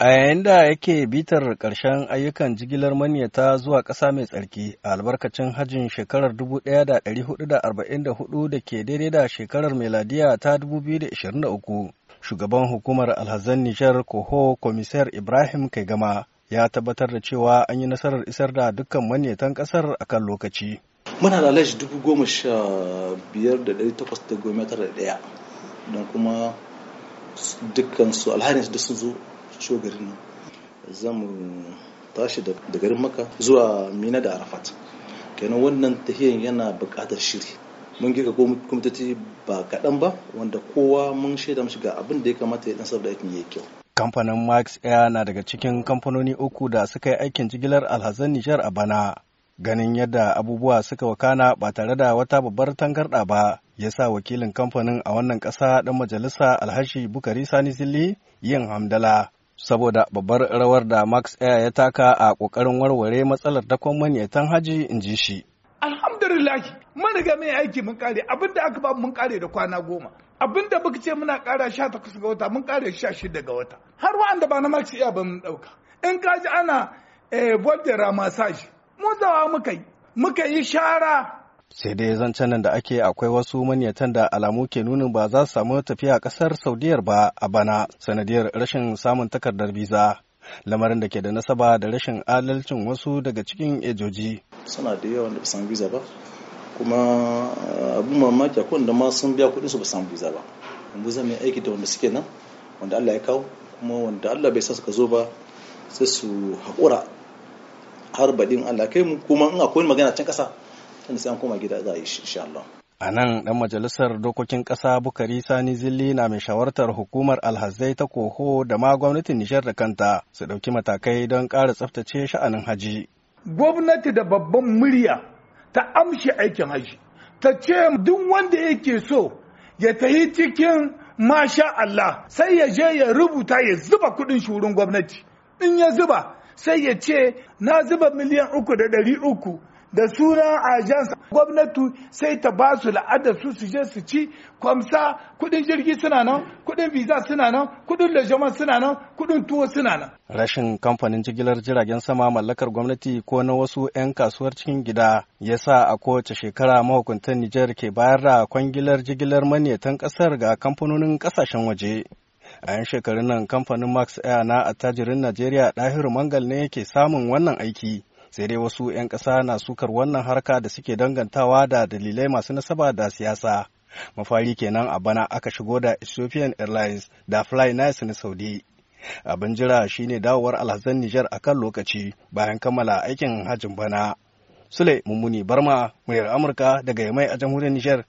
A yayin da yake bitar ƙarshen ayyukan jigilar manyata zuwa ƙasa mai tsarki a albarkacin hajjin shekarar 1444 da ke daidai da shekarar meladiya ta 2023, shugaban hukumar alhazan Nijar Koho Komisar Ibrahim Kaigama ya tabbatar da cewa an yi nasarar isar da dukkan manyatan ƙasar a kan lokaci. Muna da alaji 15,891 don kuma dukkan su alhari da sun zo ciwo garin nan zan tashi da garin maka zuwa mina da arafat kenan wannan tahiyan yana buƙatar shiri mun gika kwamitati ba kaɗan ba wanda kowa mun shaida mashi ga abin da ya kamata ya dan saboda aikin yayi kyau kamfanin max air na daga cikin kamfanoni uku da suka yi aikin jigilar alhazan nijar a bana ganin yadda abubuwa suka wakana ba tare da wata babbar tangarɗa ba ya sa wakilin kamfanin a wannan ƙasa ɗan majalisa alhashi bukari sani zilli yin hamdala saboda babbar rawar da Max Air ya taka a ƙoƙarin warware matsalar dakon manyatan haji in ji shi. Alhamdulillahi, mun riga mai aiki mun kare abin da aka ba mun kare da kwana goma. Abin da muka ce muna kara sha takwas ga wata mun kare 16 shida ga wata. Har wa'anda ba na Max Air ba mun ɗauka. In kaji ana eh, Volterra massage, mun zawa muka yi. Muka yi shara sai dai zancen nan da ake akwai wasu manyatan da alamu ke nunin ba za su samu tafiya kasar saudiyar ba a bana sanadiyar rashin samun takardar biza lamarin da ke da nasaba da rashin adalcin wasu daga cikin ejoji suna da yawan da san biza ba kuma eh, abin mamaki a wanda ma sun biya kuɗin su ba san biza ba mu yi aiki da wanda suke nan wanda Allah ya kawo kuma wanda Allah bai sa suka zo ba sai su haƙura har baɗin Allah kai mu kuma in akwai magana can ƙasa inda sai an koma gida za a yi insha Allah a nan ɗan majalisar dokokin ƙasa bukari sani zilli na mai shawartar hukumar alhazai ta koho da ma gwamnatin Nijar da kanta su ɗauki matakai don ƙara tsaftace sha'anin haji gwamnati da babban murya ta amshi aikin haji ta ce duk wanda yake so ya tahi cikin masha Allah sai ya je ya rubuta ya zuba kuɗin shurin gwamnati in ya zuba sai ya ce na zuba miliyan uku da ɗari uku da sunan agents gwamnati sai ta ba su la'adar su su je su ci kwamsa kudin jirgi suna nan kudin visa suna nan kudin lajama suna nan kudin tuwo suna nan rashin kamfanin jigilar jiragen sama mallakar gwamnati ko na wasu 'yan kasuwar cikin gida ya sa a kowace shekara mahukuntan Nijar ke bayar da kwangilar jigilar manyatan kasar ga kamfanonin kasashen waje a yan shekarun nan kamfanin max air na attajirin najeriya Dahiru mangal ne ke samun wannan aiki sai dai wasu 'yan ƙasa na sukar wannan harka da suke dangantawa da dalilai masu nasaba da siyasa mafari kenan a bana aka shigo da ethiopian airlines da fly na saudi abin jira shine dawowar alhazan niger a kan lokaci bayan kammala aikin hajjin bana sule mummuni barma muryar amurka daga yamai a jamhuriyar niger.